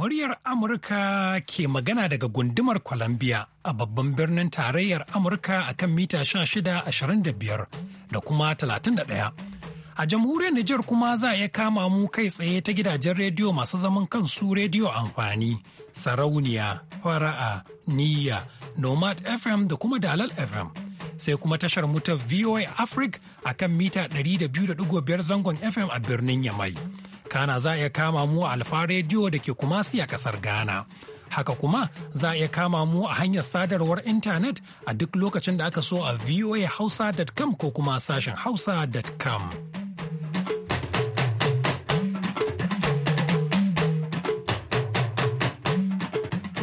Muryar Amurka ke magana daga gundumar Columbia a babban birnin tarayyar Amurka a kan mita 1625 da kuma 31. A jamhuriyar Nijar kuma za a iya kama mu kai tsaye ta gidajen rediyo masu zaman kansu rediyo amfani, sarauniya, fara'a, niyya, nomad FM da kuma dalal FM. Sai kuma tashar mutar VOA Africa a kan mita 200.5 zangon FM a birnin Yamai. Kana za a iya kama mu a Alfa Rediyo da ke Kumasi a kasar Ghana. Haka kuma za a iya kama mu a hanyar sadarwar intanet a duk lokacin da aka so a voahausa.com ko kuma sashen hausa.com.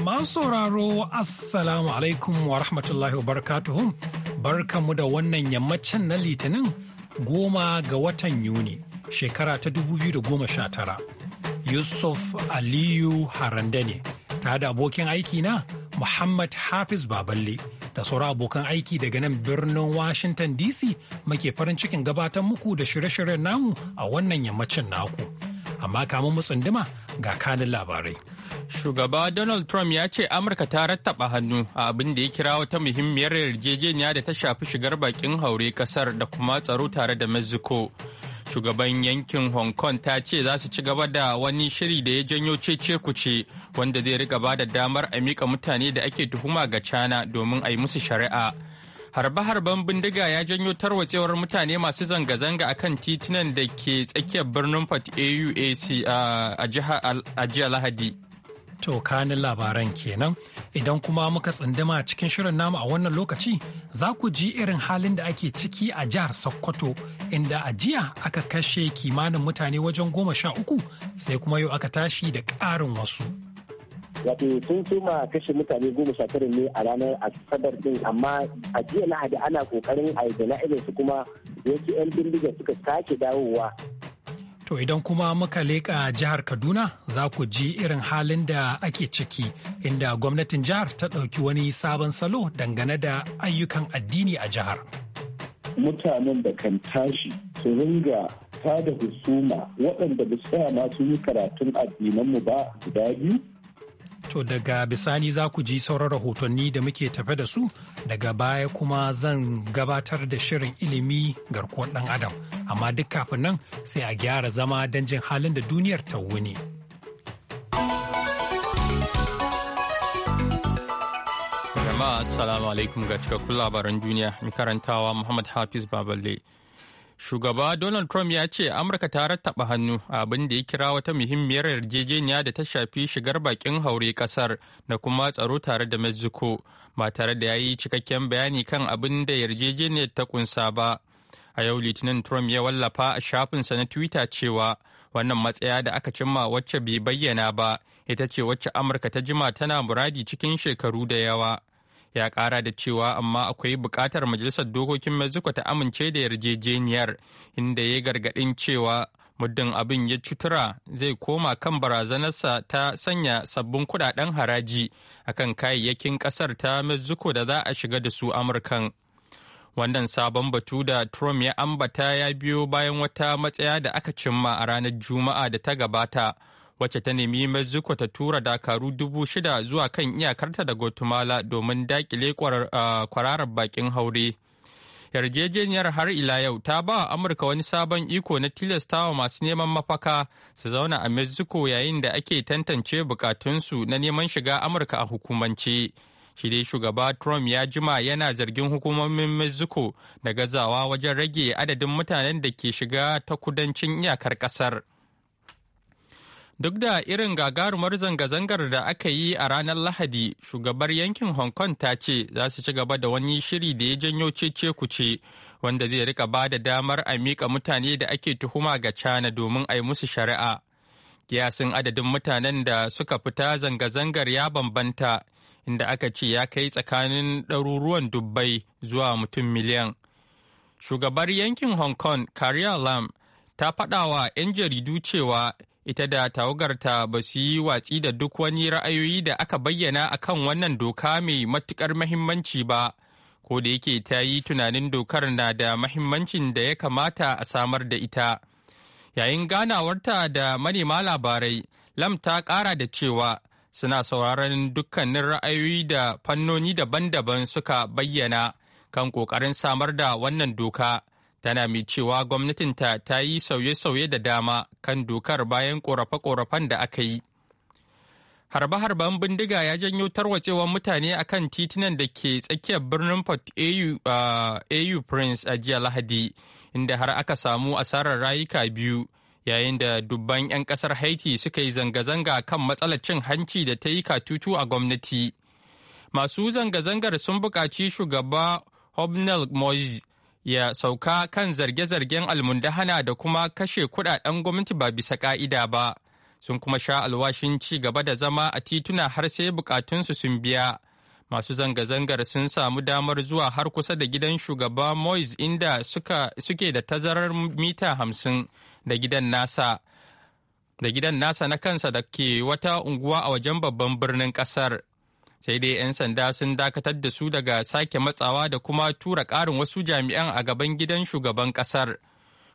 Masu sauraro Assalamu alaikum wa rahmatullahi wa barkamu da wannan yammacin na Litinin goma ga watan Yuni. shekara ta 2019 yusuf aliyu harande ne tare da abokin aiki na muhammad hafiz baballe da sauran abokan aiki daga nan birnin washington dc muke farin cikin gabatar muku da shirye-shiryen namu a wannan yammacin naku amma kamun mu tsunduma ga kanin labarai shugaba donald trump ya ce amurka ta rattaba hannu a abin da ya kira wata muhimmiyar yarjejeniya da ta shafi shigar bakin haure kasar da kuma tsaro tare da mexico shugaban yankin hong kong ta ce za su ci gaba da wani shiri da ya janyo cece kuce wanda zai riga ba da damar a mika mutane da ake tuhuma ga cana domin a yi musu shari'a harbe-harben bindiga ya janyo tarwatsewar mutane masu zanga-zanga akan titunan da ke tsakiyar birnin port auac eh, ah, a jihar lahadi To kanin labaran kenan idan kuma muka tsinduma cikin shirin namu a wannan lokaci za ku ji irin halin da ake ciki a jihar Sokoto inda a jiya aka kashe kimanin mutane wajen goma sha uku sai kuma yau aka tashi da ƙarin wasu. wato sun suma kashe mutane goma sha tara ne a ranar asabar din amma a jiya lahadi ana kokarin a jana'izar su kuma wasu 'yan bindigar suka sake dawowa To idan kuma muka leƙa jihar Kaduna za ku ji irin halin da ake ciki inda gwamnatin jihar ta ɗauki wani sabon salo dangane da ayyukan addini a jihar. Mutanen da kan tashi su ringa ta da husuma waɗanda ba su tsaya masu yi karatun addinanmu ba guda biyu To daga bisani za ku ji sauran rahotanni da muke tafe da su daga baya kuma zan gabatar da shirin ilimi garkuwar ɗan adam. Amma duk kafin nan sai a gyara zama don jin halin da duniyar ta wuni. Jama'a Assalamu alaikum ga cikakkun labaran duniya, mai karantawa Muhammad Hafiz Baballe. Shugaba Donald Trump ya ce Amurka ta rattaba hannu abin da ya kira wata muhimmiyar yarjejeniya da ta shafi shigar bakin haure kasar da kuma tsaro tare da Mexico ba tare da ya yi cikakken bayani kan abin da yarjejeniyar ta kunsa ba. A yau Litinin Trump ya wallafa a shafinsa na Twitter cewa wannan matsaya da aka cimma wacce bai bayyana ba ita ce wacce Amurka ta jima tana muradi cikin shekaru da yawa. ya kara da cewa amma akwai bukatar majalisar dokokin mexico ta amince da yarjejeniyar inda ya gargadin cewa muddin abin ya cutura zai koma kan barazanarsa ta sanya sabbin kudaden haraji akan kayayyakin kasar ta mexico da za a shiga da su amurkan wannan sabon batu da trump ya ambata ya biyo bayan wata matsaya da aka cimma a ranar juma'a da ta gabata wacce ta nemi mexico ta tura dakaru dubu shida zuwa kan iyakarta da guatemala domin dakile kwararar bakin haure yarjejeniyar har ila yau ta ba amurka wani sabon iko na tilastawa masu neman mafaka su zauna a mexico yayin da ake tantance bukatunsu na neman shiga amurka a hukumance shi dai shugaba trump ya jima yana zargin hukumomin mexico da gazawa wajen rage adadin mutanen da ke shiga ta kudancin iyakar kasar. Duk da irin gagarumar zanga-zangar da aka yi a ranar Lahadi, shugabar yankin Hong Kong ta ce za su ci gaba da wani shiri da ya janyo cece kuce wanda zai rika ba da damar a miƙa mutane da ake tuhuma ga China domin a yi musu shari'a. Kiyasin adadin mutanen da suka fita zanga-zangar ya bambanta, inda aka ce ya kai tsakanin ɗaruruwan dubbai zuwa mutum miliyan. Shugabar yankin Hong Kong, Carrie Lam, ta faɗawa 'yan jaridu cewa ita da tawagarta ba su yi watsi da duk wani ra'ayoyi da aka bayyana a kan wannan doka mai matukar mahimmanci ba ko da yake ta yi tunanin dokar na da mahimmancin da ya kamata a samar da ita yayin ganawarta da manema labarai lam ta kara da cewa suna sauraron dukkanin ra'ayoyi da fannoni daban-daban suka bayyana kan ƙoƙarin samar da wannan doka tana mai cewa gwamnatinta ta yi sauye-sauye da dama kan dokar bayan ƙorafe-ƙorafen da aka yi. Harbe-harben bindiga ya janyo tarwatsewar mutane a kan titunan da ke tsakiyar birnin Port uh, AU Prince a jiya Lahadi, inda har aka samu asarar rayuka biyu, yayin da dubban 'yan ƙasar Haiti suka yi zanga-zanga kan matsalar cin hanci da ta yi katutu a gwamnati. Masu zanga-zangar sun buƙaci shugaba Hobnel Moise ya sauka kan zarge-zargen almundahana da kuma kashe kudaden gwamnati ba bisa ka'ida ba sun kuma sha alwashin ci gaba da zama a tituna har sai bukatunsu sun biya masu zanga-zangar sun samu damar zuwa har kusa da gidan shugaba moise inda suke da tazarar mita hamsin da gidan nasa da gidan nasa na kansa da ke wata unguwa a wajen babban birnin kasar sai dai 'yan sanda sun dakatar da su daga sake matsawa da kuma tura ƙarin wasu jami'an a gaban gidan shugaban ƙasar.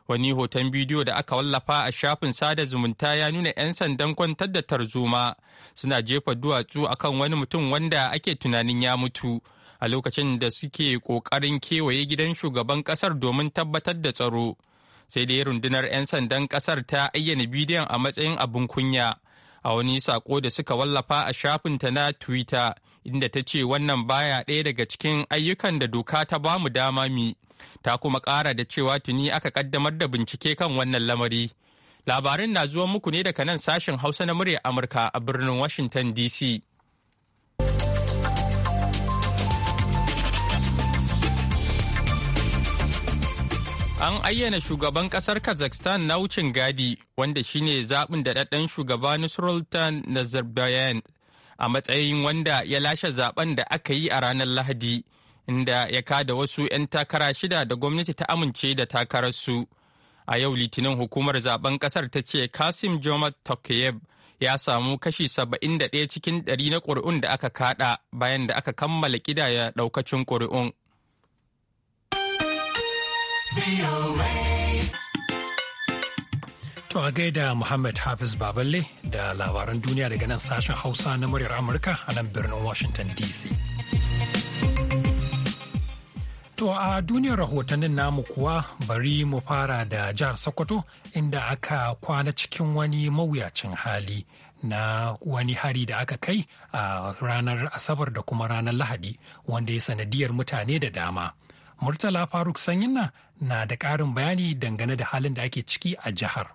Wani hoton bidiyo da aka wallafa a shafin sada zumunta ya nuna 'yan sandan kwantar da tarzoma suna jefa duwatsu akan wani mutum wanda ake tunanin ya mutu a lokacin da suke ƙoƙarin kewaye gidan shugaban ƙasar domin tabbatar da tsaro. Sai dai rundunar 'yan sandan ƙasar ta ayyana bidiyon a matsayin abin kunya. a wani sako da suka wallafa a shafinta na twitter inda ta ce wannan baya ɗaya daga cikin ayyukan da doka ta bamu dama mi ta kuma ƙara da cewa tuni aka ƙaddamar da bincike kan wannan lamari labarin na zuwa muku ne daga nan sashen hausa na murya amurka a birnin washington dc An ayyana shugaban kasar Kazakhstan na wucin gadi wanda shine zaɓin daɗaɗɗen shugaba Nusrultan Nazarbayan a matsayin wanda ya lashe zaben da aka yi a ranar Lahadi inda ya kada wasu 'yan takara shida da gwamnati ta amince da takararsu. A yau litinin hukumar zaben ƙasar ta ce Kasim Jomat Tokayev ya samu kashi 71 cikin 100 na ƙuri'un da aka kaɗa bayan da aka kammala ƙidaya ɗaukacin ƙuri'un. To a gaida Muhammad Hafiz Baballe da labaran duniya daga nan sashen Hausa na muryar Amurka a nan birnin Washington DC. To a duniyar rahotannin namu kuwa bari mu fara da jihar Sokoto inda aka kwana cikin wani mawuyacin hali na wani hari da aka kai a ranar Asabar da kuma ranar Lahadi wanda ya sanadiyar mutane da dama. Murtala Faruk Sanyinna na da ƙarin bayani dangane da halin da ake ciki a jihar.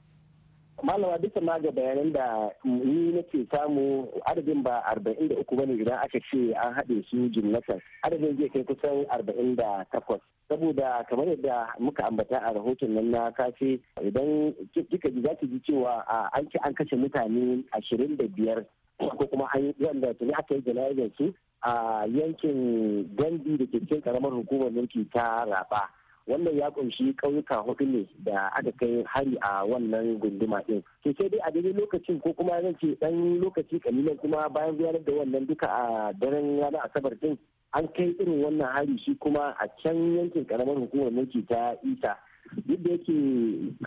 malama bisa ma ga bayanan da ni nake samu adadin ba arba'in da uku bane idan aka ce an haɗe su jimlatar adadin zai kai kusan arba'in da takwas saboda kamar yadda muka ambata a rahoton nan na kafe idan kika ji zaki ji cewa an ci an kashe mutane ashirin biyar ko kuma an wanda tuni aka yi jana'izar su a yankin gandi da ke cikin karamar hukumar mulki ta raba wannan ya kunshi ƙauyuka hudu ne da aka kai hari a wannan gunduma ɗin to sai dai a daidai lokacin ko kuma zan ce dan lokaci kalilan kuma bayan gudanar da wannan duka a daren ranar asabar ɗin an kai irin wannan hari shi kuma a can yankin karamar hukumar mulki ta isa duk da yake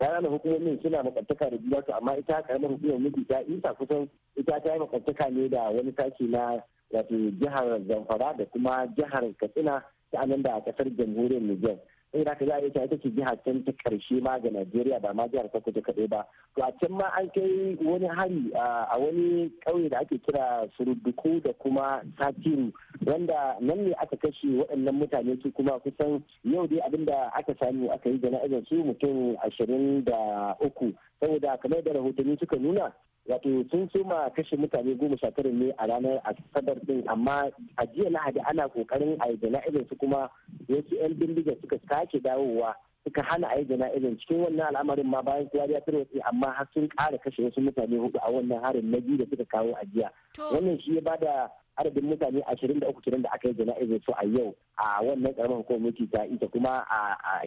ƙananan hukumomin suna makantaka da juna su amma ita karamar hukumar mulki ta isa kusan ita ta yi makantaka ne da wani sashi na wato jihar zamfara da kuma jihar katsina ta da a kasar jamhuriyar niger in da ka za a yi ta ita ce jihar can ta karshe ma ga najeriya ba ma jihar sokoto kaɗai ba to a can ma an kai wani hari a wani ƙauye da ake kira surudduku da kuma satiru wanda nan ne aka kashe waɗannan mutane su kuma kusan yau dai abinda aka samu aka yi jana'izar su mutum ashirin da uku saboda kamar da rahotanni suka nuna wato sun soma kashe mutane goma sha tara ne a ranar asabar din amma a jiya lahadi ana kokarin a yi jana'izar su kuma wasu 'yan bindiga suka sake dawowa suka hana a yi jana'izar cikin wannan al'amarin ma bayan kuwa ya wasu amma har sun kara kashe wasu mutane hudu a wannan harin na biyu da suka kawo a jiya wannan shi ya bada adadin mutane ashirin da uku da aka yi jana'izar su a yau a wannan karamar hukumar ta ita kuma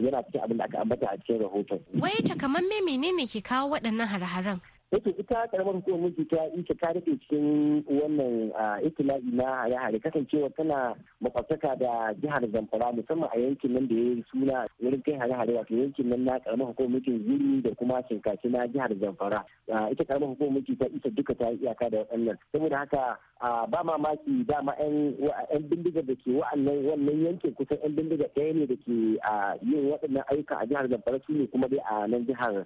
yana cikin abin da aka ambata a cikin rahoton. wai takamamme menene ke kawo waɗannan hare-haren? yake eh ita karamar hukumar mulki ta ita ta rike cikin wannan ah, itila'i na hare-hare kasancewa tana makwabtaka da jihar zamfara musamman a yankin nan da ya yi suna wurin kai hare-hare wato yankin nan na karamar hukumar mulki zuri da kuma shinkaci na jihar zamfara ah, ita karamar hukumar mulki ta isa duka ta yi iyaka da waɗannan saboda haka ah, ba mamaki dama yan bindigar da ke wa'annan wannan yankin kusan yan bindigar ɗaya ne da ke yin waɗannan ayyuka a jihar zamfara su ne kuma dai a nan jihar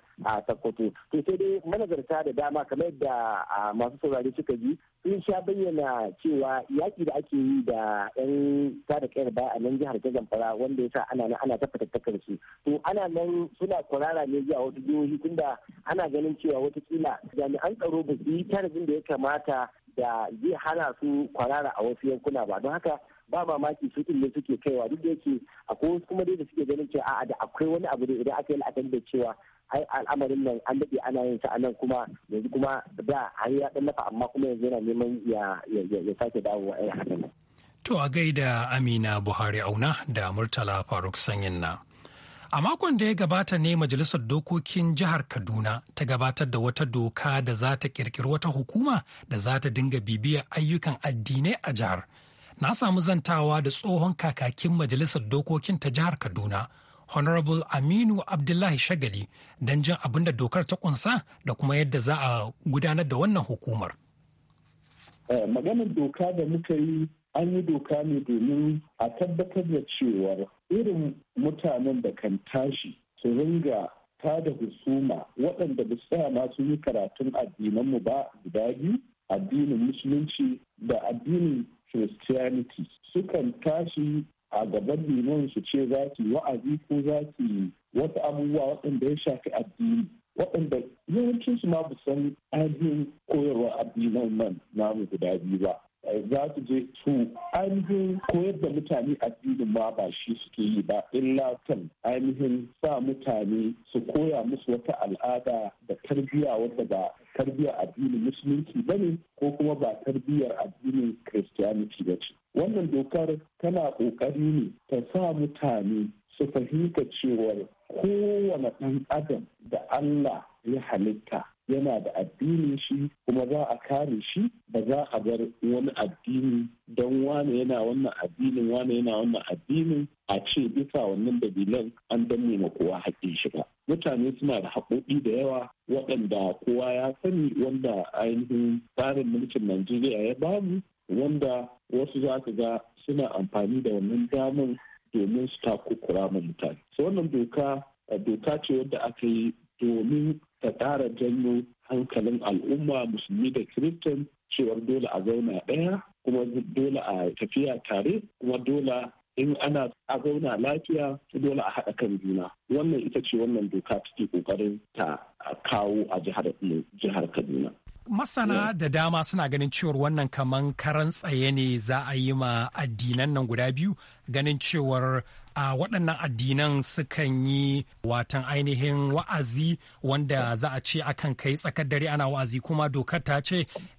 sokoto to sai dai manazarta ƙasa da dama kamar da masu saurari suka ji sun sha bayyana cewa yaƙi da ake yi da 'yan tada kayar baya a nan jihar ta zamfara wanda ya sa ana nan ana ta fatattakar su to ana nan suna kwarara ne zuwa wata jihohi tunda ana ganin cewa wata watakila jami'an tsaro ba su yi tarihin da ya kamata da zai hana su kwarara a wasu yankuna ba don haka ba mamaki su ne suke kaiwa duk da yake akwai wasu kuma dai da suke ganin cewa a'a da akwai wani abu da idan aka yi la'akari da cewa ai al'amarin nan an daɗe ana yin sa anan kuma yanzu kuma da har ya dan nafa amma kuma yanzu yana neman ya ya sake dawowa ai hakan to a gaida Amina Buhari Auna da Murtala Faruk Sanyin na A makon da ya gabata ne Majalisar Dokokin Jihar Kaduna ta gabatar da wata doka da za ta kirkiri wata hukuma da za ta dinga bibiyar ayyukan addinai a jihar. Na samu zantawa da tsohon kakakin Majalisar Dokokin ta Jihar Kaduna, Honorable Aminu Abdullahi Shagali don jin abin da dokar ta kunsa da kuma yadda za a gudanar da wannan hukumar. Eh, maganar doka da muka yi an yi doka ne domin a tabbatar da cewar irin mutanen da kan tashi su ringa ta da husuma waɗanda ba su tsaya ma sun yi karatun addinanmu ba guda biyu addinin musulunci da addinin christianity sukan tashi a gaban liman su ce za yi wa'azi ko za yi wasu abubuwa waɗanda ya shafi addini waɗanda yawancin su ma san ainihin koyarwa addinan nan namu guda biyu ba za su je su ainihin koyar da mutane addinin ma ba shi suke yi ba illa kan ainihin sa mutane su koya musu wata al'ada da tarbiyya wadda ba tarbiyyar addinin musulunci ba ne ko kuma ba tarbiyyar addinin kiristiyaniti ba ce wannan dokar tana ƙoƙari ne ta sa mutane su fahimta cewar kowane ɗan adam da allah ya halitta yana da addini shi kuma za a kare shi ba za a bar wani addini don wane yana wannan addinin wane yana wannan addinin a ce bisa wannan dalilan an danne ma kowa haƙƙin shi ba mutane suna da haƙoƙi da yawa waɗanda kowa ya sani wanda ainihin tsarin mulkin najeriya ya bamu wanda wasu za ka ga suna amfani da wannan damar domin su takukura ma mutane. wannan doka doka ce wadda aka yi domin ta tara janyo hankalin al'umma musulmi da kiristan cewar dole a zauna ɗaya kuma dole a tafiya tare kuma dole in ana a zauna lafiya dole a haɗa kan juna wannan ita ce wannan doka take ƙoƙarin ta kawo a jihar kaduna masana da dama suna ganin cewar wannan kaman karan tsaye ne za a yi ma addinan nan guda biyu ganin cewar a waɗannan addinan sukan yi watan ainihin wa'azi wanda za a ce akan kai tsakar dare ana wa'azi kuma dokar ta ce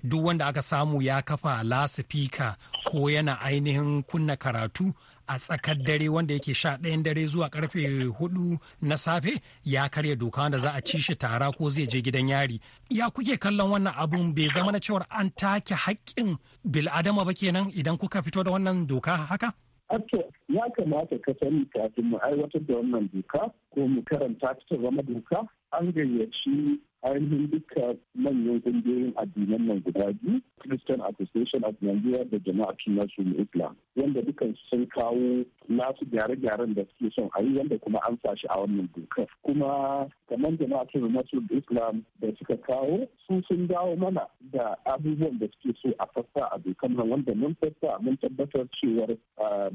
duk wanda aka samu ya kafa lasifika ko yana ainihin kunna karatu a tsakar dare wanda yake sha ɗayan dare zuwa karfe hudu na safe ya karya doka wanda za a ci shi tara ko zai je gidan yari ya kuke kallon wannan abun bai zama na cewar an take haƙƙin bil'adama ba kenan idan kuka fito da wannan doka haka Ato ya kamata ka sani kafin mu aiwatar da wannan doka ko mu karanta ta zama doka an gayyaci ainihin duka manyan kungiyoyin addinan nan guda biyu christian association of nigeria da jama'a su islam wanda dukan sun kawo nasu gyare-gyaren da suke son a yi wanda kuma an sa shi a wannan dokar kuma kamar jama'a national islam da suka kawo su sun dawo mana da abubuwan da suke so a fassa a dokar nan wanda mun fassa mun tabbatar cewar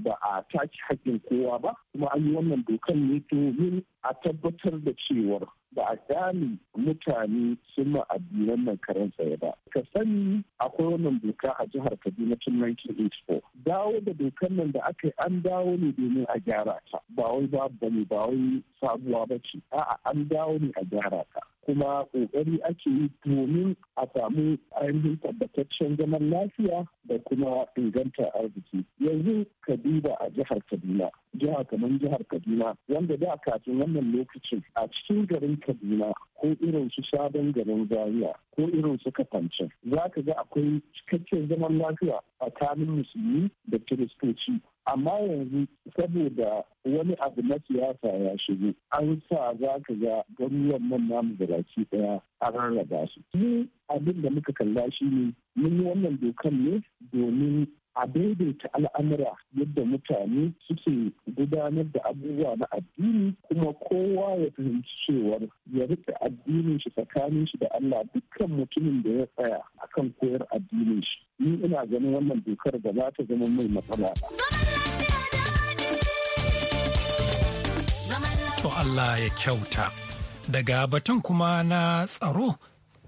ba a taki hakkin kowa ba kuma an yi wannan dokar ne domin a tabbatar da cewar ba a gane mutane sun ma addinan nan karen tsaye ba. Ka sani akwai wannan doka a jihar Kaduna tun 1984. Dawo da dokar nan da aka yi an dawo ne domin a gyara ta. Ba wai babu bane ba wai sabuwa ba ce. A'a an dawo ne a gyara ta. kuma kokari ake yi domin a samu ainihin tabbataccen zaman lafiya da kuma inganta arziki yanzu kaduna a jihar kaduna jiha kamar jihar kaduna wanda da kafin wannan lokacin a cikin garin kaduna ko irin su sabon garin zaria ko irin su kafancin za ka ga akwai cikakken zaman lafiya tsakanin musulmi da kiristoci amma yanzu saboda wani abu na siyasa ya shigo an sa za ka ga garuruwan nan namu da baki daya a rarraba su ni abin da muka kalla shi ne mun yi wannan dokan ne domin a daidaita al'amura yadda mutane suke gudanar da abubuwa na addini kuma kowa ya fahimci cewar ya rike addinin shi tsakanin shi da Allah dukkan mutumin da ya tsaya akan koyar addinin shi ni ina ganin wannan dokar da za ta zama mai matsala ba. To Allah ya kyauta. Daga batun kuma na tsaro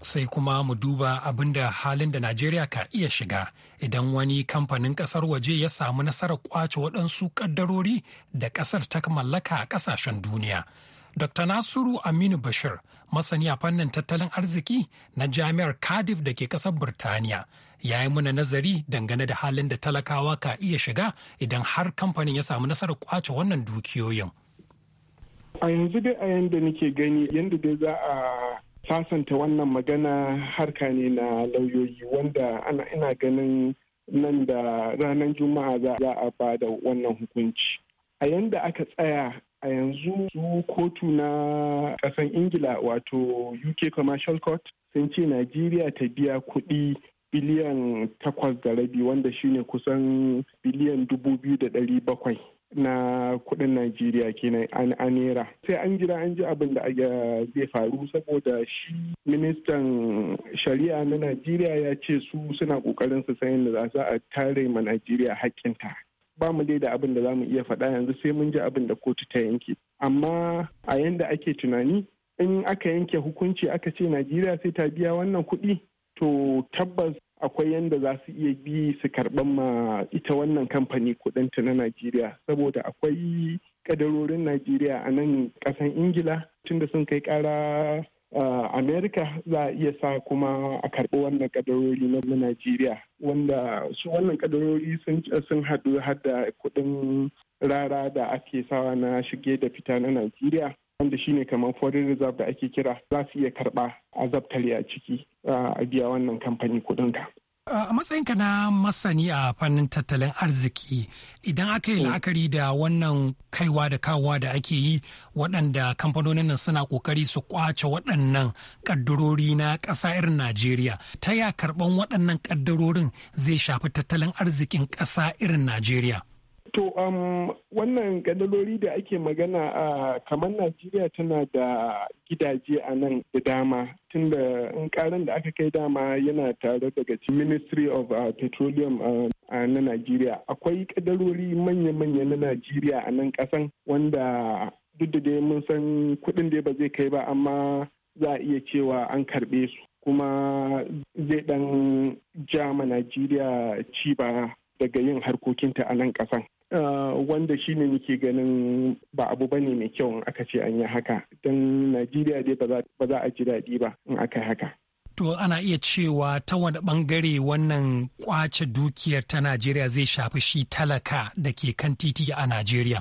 sai kuma mu duba abinda halin da Najeriya ka iya shiga idan wani kamfanin kasar waje ya samu nasarar kwace waɗansu ƙaddarori da ƙasar ta mallaka a ƙasashen duniya. Dr. Nasiru Aminu Bashir, masani a fannin tattalin arziki na Jami'ar Cardiff da ke ƙasar Birtaniya, ya yi muna nazari dangane da halin da talakawa ka iya shiga idan har kamfanin ya samu nasarar kwace wannan dukiyoyin. A yanzu dai a yanda nake gani yanda dai za a fasanta wannan magana harka ne na lauyoyi wanda ana ina ganin nan da ranar juma'a za a ba da wannan hukunci a yanda aka tsaya a yanzu su kotu na kasan ingila wato uk commercial court sun ce najeriya ta biya kuɗi biliyan takwas da rabi wanda shine kusan biliyan dubu biyu da ɗari bakwai na kudin Najeriya kenan a naira. Sai an jira an ji abin da zai faru saboda shi ministan shari'a na Najeriya ya ce su suna kokarin su san da za a tare ma Najeriya haƙƙinta. Ba mu dai da abin da za mu iya faɗa yanzu sai mun ji abin da kotu ta yanke. Amma a yanda ake tunani in aka yanke hukunci aka ce Najeriya sai ta biya wannan kuɗi to tabbas akwai yadda za su iya bi su karɓar ma ita wannan kamfani kudinta na Najeriya saboda akwai kadarorin Najeriya a nan ƙasan Ingila tunda sun kai ƙara Amerika za a iya sa kuma a karɓi wannan kadarori na Najeriya wanda su wannan kadarori sun haɗu da kuɗin rara da ake sawa na shige da fita na Najeriya wanda shine kamar foreign reserve da ake kira za su iya karba a a ciki a biya wannan kamfani ka A matsayinka na masani a fannin tattalin arziki idan aka yi mm. la'akari da wannan kaiwa da kawowa da ake yi waɗanda kamfanonin nan suna ƙoƙari su kwace waɗannan ƙaddarori na ƙasa irin Najeriya. Ta ya karɓan waɗannan ƙaddarorin zai shafi tattalin arzikin ƙasa irin Najeriya? To um, wannan gadaloli da ake magana a uh, kamar Najeriya tana da gidaje a nan da dama tunda in karan da aka kai dama yana tare daga Ministry of uh, Petroleum uh, na Najeriya. Akwai kadarori manya-manya na Najeriya a nan kasan wanda duk da dai mun san kuɗin da ba zai kai ba amma za a iya cewa an karɓe su kuma zai ɗan jama Najeriya ci ba daga yin harkokinta a nan kasan. Eh, wanda shi ne muke ganin ba abu bane mai kyau in aka ce an yi haka don najeriya dai ba za a ji daɗi ba in aka haka to ana iya cewa ta wani bangare wannan kwace dukiyar ta najeriya zai shafi shi talaka da ke kan titi a najeriya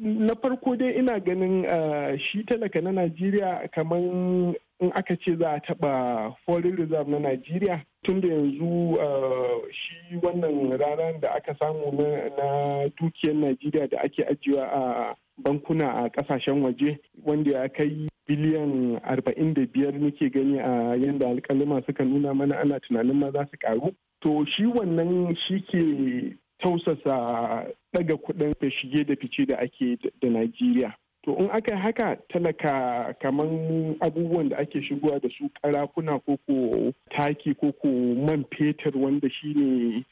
na farko dai ina ganin eh, shi talaka na najeriya kamar in aka ce za a taɓa foreign reserve na Najeriya tun da yanzu uh, shi wannan ranar da aka samu na dukiyar Najeriya da ake ajiyewa a bankuna a kasashen waje wanda ya kai biliyan 45 nake gani a yadda alkalima suka nuna mana ana tunanin ma za su karu to shi wannan shi ke tausasa daga kudin shige da fice da ake da Najeriya. to in aka haka talaka kamar abubuwan da ake shigowa da su ko ko taki ko ko man fetur wanda shi ne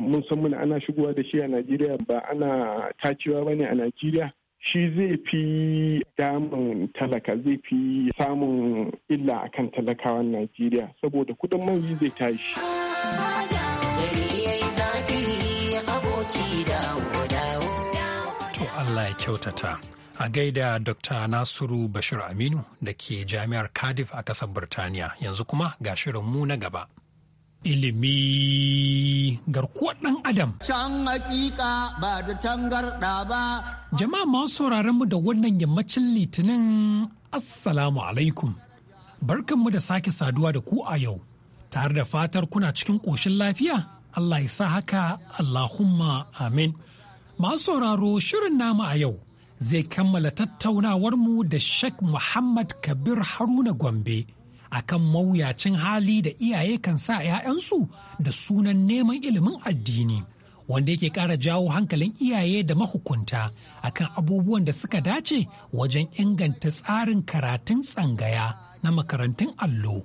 mun san muna ana shigowa da shi a najeriya ba ana tacewa ba ne a najeriya shi zai fi damun talaka zai fi samun illa akan talakawan najeriya saboda kudin man zai tashi To Allah ya kyautata. a gaida Dr. Nasiru Bashir Aminu da ke Jami'ar Cardiff a ƙasar Birtaniya yanzu kuma ga shirin mu na gaba. Ilimi garkuwar ɗan Adam. Can hakika ba da tangarɗa ba. Jama'a masu sauraron mu da wannan yammacin litinin Assalamu alaikum. Barkanmu da sake saduwa da ku a yau, tare da fatar kuna cikin ƙoshin lafiya, Allah ya sa haka Allahumma amin. Masu sauraro shirin namu a yau. zai kammala tattaunawarmu da Sheikh Muhammad Kabir Haruna Gombe a kan mawuyacin hali da iyaye kan sa 'ya'yansu da sunan neman ilimin addini. Wanda yake ƙara jawo hankalin iyaye da mahukunta akan abubuwan da suka dace wajen inganta tsarin karatun tsangaya. na makarantun allo.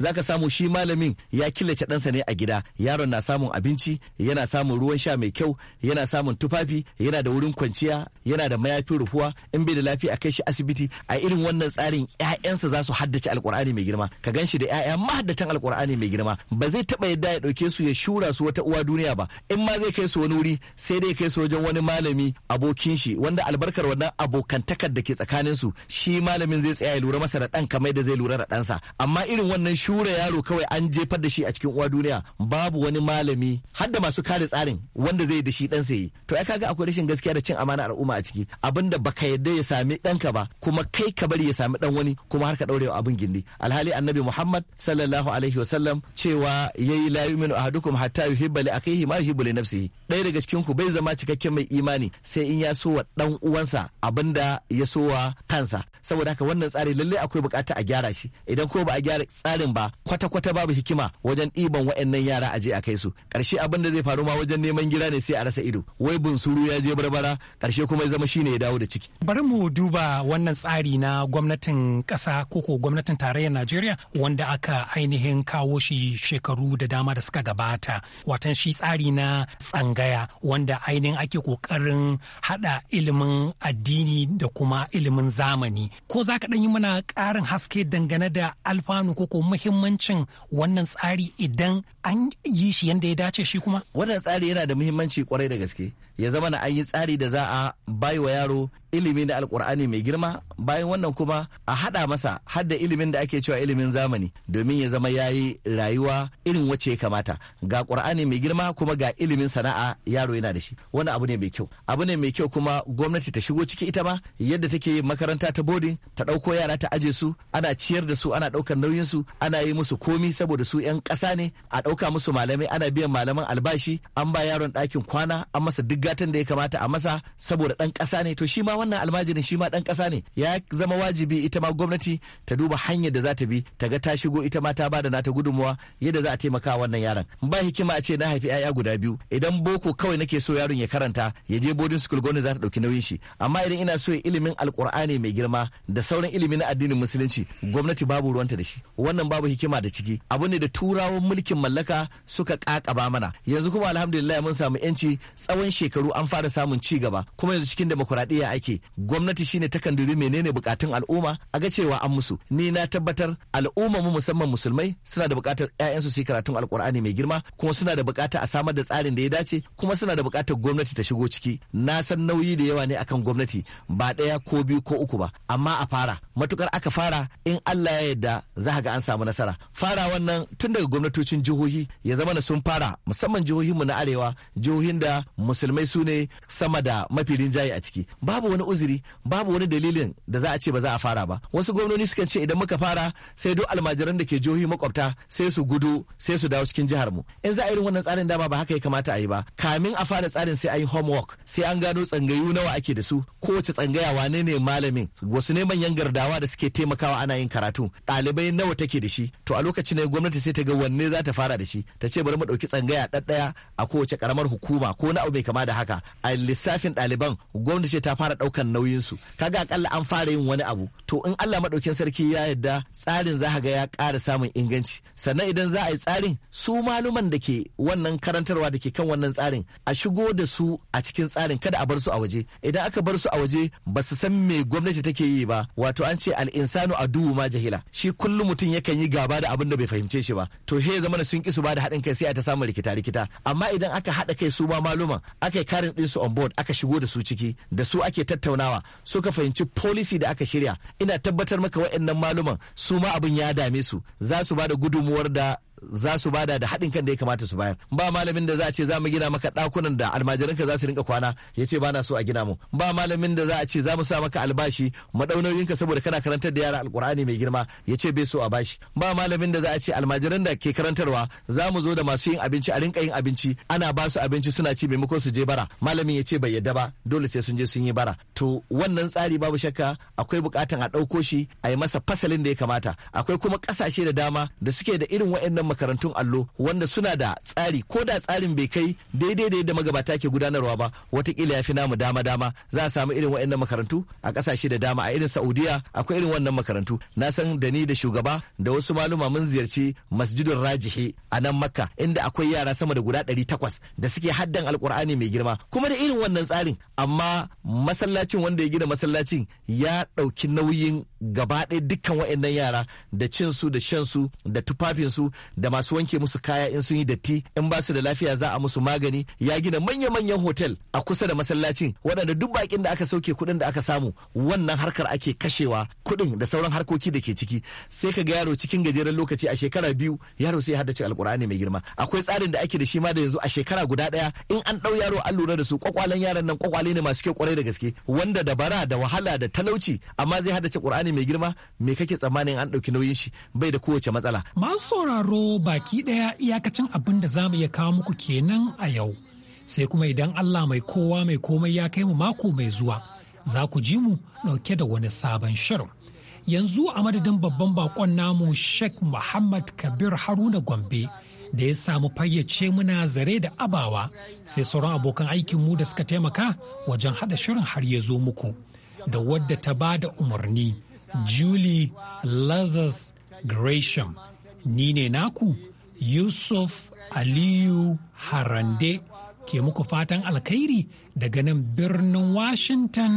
Za ka samu shi malamin ya killace ɗansa ne a gida yaron na samun abinci yana samun ruwan sha mai kyau yana samun tufafi yana da wurin kwanciya yana da mayafin rufuwa in bai da lafiya a kai shi asibiti a irin wannan tsarin 'ya'yansa za su haddace alƙur'ani mai girma ka gan shi da 'ya'yan mahaddatan alkur'ani mai girma ba zai taɓa yadda ya ɗauke su ya shura su wata uwa duniya ba in ma zai kai su wani wuri sai dai kai su wajen wani malami abokin shi wanda albarkar wannan abokantakar da da ke tsakanin su shi malamin zai tsaya ya lura masa da ɗan kamar da zai lura da ɗansa amma irin wannan shura yaro kawai an jefar da shi a cikin uwa duniya babu wani malami har da masu kare tsarin wanda zai da shi dan yi to ai kaga akwai rashin gaskiya da cin amana al'umma a ciki abinda baka yadda ya sami ɗanka ba kuma kai ka bari ya sami dan wani kuma har ka daure wa abin gindi alhali annabi muhammad sallallahu alaihi wasallam cewa yayi la yu'minu ahadukum hatta yuhibba li akhihi ma yuhibbu li nafsihi ɗaya daga cikin ku bai zama cikakken mai imani sai in ya so wa ɗan uwansa abinda ya tasowa kansa saboda haka wannan tsari lallai akwai bukata a gyara shi idan ko ba a gyara tsarin ba kwata-kwata babu hikima wajen ɗiban waɗannan yara a je a kai su ƙarshe abin da zai faru ma wajen neman gida ne sai a rasa ido wai suru ya je barbara ƙarshe kuma ya zama shine ya dawo da ciki bari mu duba wannan tsari na gwamnatin ƙasa ko gwamnatin tarayyar Najeriya wanda aka ainihin kawo shi shekaru da dama da suka gabata watan shi tsari na tsangaya wanda ainihin ake kokarin hada ilimin addini da kuma ilimin zamani ko za ka yi mana ƙarin haske dangane da alfanu ko ko muhimmancin wannan tsari idan an yi shi yadda ya dace shi kuma wannan tsari yana da muhimmanci kwarai da gaske ya zama na an yi tsari da za a bai wa yaro ilimi na alkur'ani mai girma bayan wannan kuma a hada masa hadda ilimin da ake cewa ilimin zamani domin ya zama ya yi rayuwa irin wacce ya kamata ga qur'ani mai girma kuma ga ilimin sana'a yaro yana da shi wani abu ne mai kyau abu ne mai kyau kuma gwamnati ta shigo ciki ita ma yadda take makaranta ta boarding ta dauko yara ta aje su ana ciyar da su ana daukar nauyin su ana yi musu komi saboda su yan kasa ne a dauka musu malamai ana biyan malaman albashi an ba yaron ɗakin kwana an masa duk gatan da ya kamata a masa saboda dan kasa ne to shi ma wannan almajirin shi ma dan kasa ne ya zama wajibi ita ma gwamnati ta duba hanyar da za ta bi ta ga ta shigo ita ma ta bada nata gudunmuwa yadda za a taimaka wannan yaron ba hikima a ce na haifi 'ya'ya guda biyu idan boko kawai nake so yaron ya karanta ya je bodin school gwamnati za ta dauki nauyin shi amma idan ina so ilimin alkur'ani mai girma da sauran ilimi na addinin musulunci gwamnati babu ruwanta da shi wannan babu hikima da ciki abu ne da turawan mulkin mallaka suka kakaba mana yanzu kuma alhamdulillah mun samu yanci tsawon shekaru an fara samun ci gaba kuma yanzu cikin demokuraɗiyya ake yake gwamnati shine takan dubi menene bukatun al'umma a ga cewa an musu ni na tabbatar al'umma mu musamman musulmai suna da bukatar ƴaƴansu su yi karatun alkur'ani mai girma kuma suna da bukata a samar da tsarin da ya dace kuma suna da bukatar gwamnati ta shigo ciki na san nauyi da yawa ne akan gwamnati ba ɗaya ko biyu ko uku ba amma a fara matukar aka fara in Allah ya yarda za ga an samu nasara fara wannan tun daga gwamnatocin jihohi ya zama na sun fara musamman jihohinmu na arewa jihohin da musulmai su ne sama da mafi rinjaye a ciki babu wani wani uzuri babu wani dalilin da za a ce ba za a fara ba wasu gwamnoni suka ce idan muka fara sai duk almajiran da ke jihohi makwabta sai su gudu sai su dawo cikin jihar mu in za a irin wannan tsarin dama ba haka ya kamata a yi ba kamin a fara tsarin sai a yi homework sai an gano tsangayu nawa ake da su kowace tsangaya wane ne malamin wasu ne manyan gardawa da suke taimakawa ana yin karatu ɗalibai nawa take da shi to a lokacin ne gwamnati sai ta ga wanne za ta fara da shi ta ce bari mu ɗauki tsangaya ɗaɗɗaya a kowace karamar hukuma ko na abu mai kama da haka a lissafin ɗaliban gwamnati ce ta fara ɗauka ɗaukan nauyinsu kaga akalla an fara yin wani abu to in Allah maɗaukin sarki ya yarda tsarin za ga ya ƙara samun inganci sannan idan za a yi tsarin su maluman da ke wannan karantarwa da ke kan wannan tsarin a shigo da su a cikin tsarin kada a bar su a waje idan aka bar su a waje ba su san me gwamnati take yi ba wato an ce al'insanu a duhu ma jahila shi kullum mutum yakan yi gaba da abin da bai fahimce shi ba to he zama da sun ki su ba da haɗin kai sai a ta samu rikita rikita amma idan aka haɗa kai su ma maluman aka yi karin ɗinsu on board aka shigo da su ciki da su ake tattaunawa suka fahimci policy da aka shirya ina tabbatar maka waɗannan maluman su ma abin ya dame su za su ba da gudunmuwar da za su bada da haɗin kan da ya kamata su bayar ba malamin da za a ce za mu gina maka ɗakunan da almajiranka za su rinka kwana ya ce ba so a gina mu ba malamin da za a ce za mu sa maka albashi mu ka saboda kana karantar da yara alkur'ani mai girma ya ce bai so a bashi ba malamin da za a ce almajiran da ke karantarwa za mu zo da masu yin abinci a rinka yin abinci ana ba su abinci suna ci maimakon su je bara malamin ya ce bai yadda ba dole sai sun je sun yi bara to wannan tsari babu shakka akwai bukatan a ɗauko shi a yi masa fasalin da ya kamata akwai kuma kasashe da dama da suke da irin waɗannan makarantun allo wanda suna da tsari ko da tsarin bai kai daidai da yadda magabata ke gudanarwa ba watakila ya fi namu dama dama za a samu irin wa'annan makarantu a kasashe da dama a irin saudiya akwai irin wannan makarantu na san da ni da shugaba da wasu maluma mun ziyarci masjidun rajihi a nan makka inda akwai yara sama da guda ɗari takwas da suke haddan alkur'ani mai girma kuma da irin wannan tsarin amma masallacin wanda ya gina masallacin ya ɗauki nauyin gaba ɗaya dukkan wa'annan yara da cinsu da shansu da tufafinsu da masu wanke musu kaya in sun yi datti in ba su da lafiya za a musu magani ya gina manya-manyan hotel a kusa da masallacin waɗanda duk bakin da aka sauke kuɗin da aka samu wannan harkar ake kashewa kuɗin da sauran harkoki da ke ciki sai ka ga yaro cikin gajeren lokaci a shekara biyu yaro sai ya haddace alkur'ani mai girma akwai tsarin da ake da shi ma da yanzu a shekara guda ɗaya in an ɗau yaro an lura da su kwakwalen yaran nan kwakwale ne masu kyau kwarai da gaske wanda da bara da wahala da talauci amma zai haddace alkur'ani mai girma me kake tsammanin an ɗauki nauyin shi bai da kowace matsala. masu sauraro baki ɗaya iyakacin abin da za mu iya kawo muku kenan a yau. Sai kuma idan Allah mai kowa mai komai ya kai mu mako mai zuwa, za ku ji mu ɗauke da wani sabon shirin. Yanzu a madadin babban bakon namu Sheikh Muhammad Kabir Haruna Gombe da ya samu fayyace muna zare da abawa sai sauran abokan aikin mu da suka taimaka wajen haɗa shirin har ya zo muku. Da wadda ta ba da umarni, Julie Lazarus Gresham. ni ne naku yusuf aliyu harande ke muku fatan alkhairi daga nan birnin washington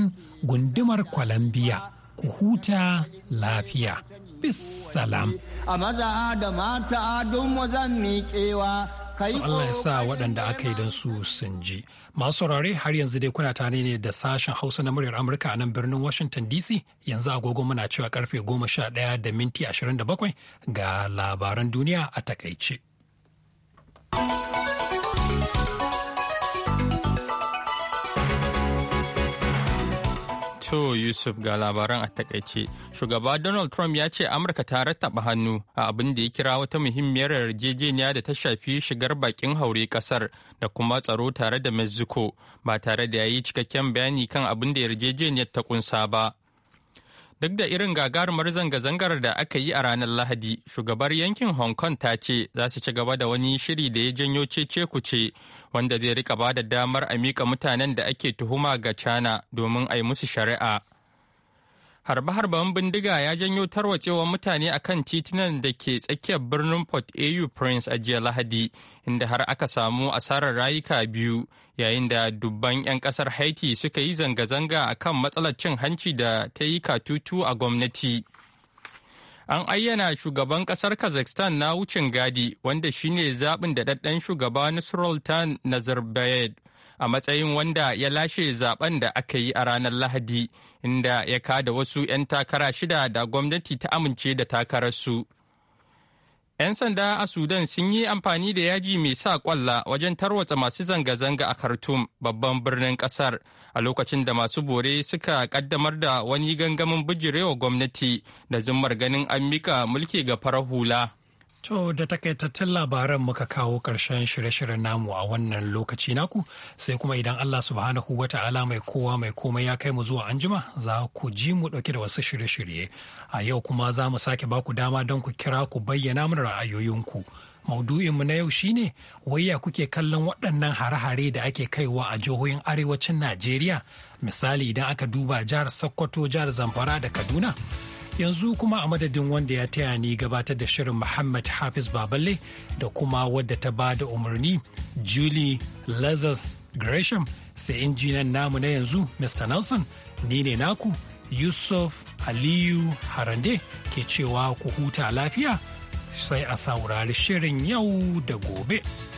gundumar columbia ku huta lafiya bisalam a maza da mata don wazan miƙewa Allah ya sa waɗanda aka yi don su sun ji. Masu saurare har yanzu dai kuna tare ne da sashen Hausa na muryar Amurka a nan birnin Washington DC yanzu agogo muna cewa karfe goma da minti ashirin ga labaran duniya a takaice. To Yusuf ga labaran a takaice. Shugaba Donald Trump ya ce Amurka ta rattaba hannu a abin da ya kira wata muhimmiyar yarjejeniya da ta shafi shigar bakin haure kasar da kuma tsaro tare da Mexico ba tare da ya yi cikakken bayani kan abin da yarjejeniyar ta kunsa ba. Duk da irin gagarumar zanga-zangar da aka yi a ranar Lahadi, shugabar yankin Hong Kong ta ce za su ci gaba da wani shiri da ya janyo cece kuce wanda zai rika ba da damar a mika mutanen da ake tuhuma ga China domin a yi musu shari'a. harbe-harben bindiga ya janyo tarwacewar mutane a kan titunan da ke tsakiyar birnin port au prince a jiya lahadi inda har aka samu asarar rayuka biyu yayin da dubban 'yan kasar haiti suka yi zanga-zanga a kan matsalar cin hanci da ta yi katutu a gwamnati an ayyana shugaban kasar kazakhstan na wucin gadi wanda shine zaɓin da shugaban shugaba nasrultan nazarbayev a matsayin wanda ya lashe zaben da aka yi a ranar Lahadi, inda ya kada wasu 'yan takara shida da gwamnati ta amince da takararsu. 'Yan sanda a Sudan sun yi amfani da yaji mai sa kwalla wajen tarwatsa masu zanga-zanga a Khartoum, babban birnin kasar, a lokacin da masu bore suka kaddamar da wani gangamin bijirewa gwamnati da zummar ganin an mika mulki ga farar hula. To da takaitattun labaran muka kawo ƙarshen shirye-shiryen namu a wannan lokaci naku sai kuma idan Allah subhanahu wa ta'ala mai kowa mai komai ya kai mu zuwa anjima za ku ji mu ɗauke da wasu shirye-shirye. A yau kuma za mu sake baku dama don ku kira ku bayyana mana ra'ayoyinku. Maudu'inmu na yau shine wayya kuke kallon waɗannan hare-hare da ake kaiwa a jihohin arewacin Najeriya misali idan aka duba jihar Sokoto jihar Zamfara da Kaduna. yanzu kuma a madadin wanda ya taya ni gabatar da shirin Muhammad Hafiz Baballe da kuma wadda ta ba da umarni Julie Lazarus Gresham sai injinan namu na yanzu Mr. Nelson ni ne naku Yusuf Aliyu Harande ke cewa ku huta lafiya sai a saurari shirin yau da gobe.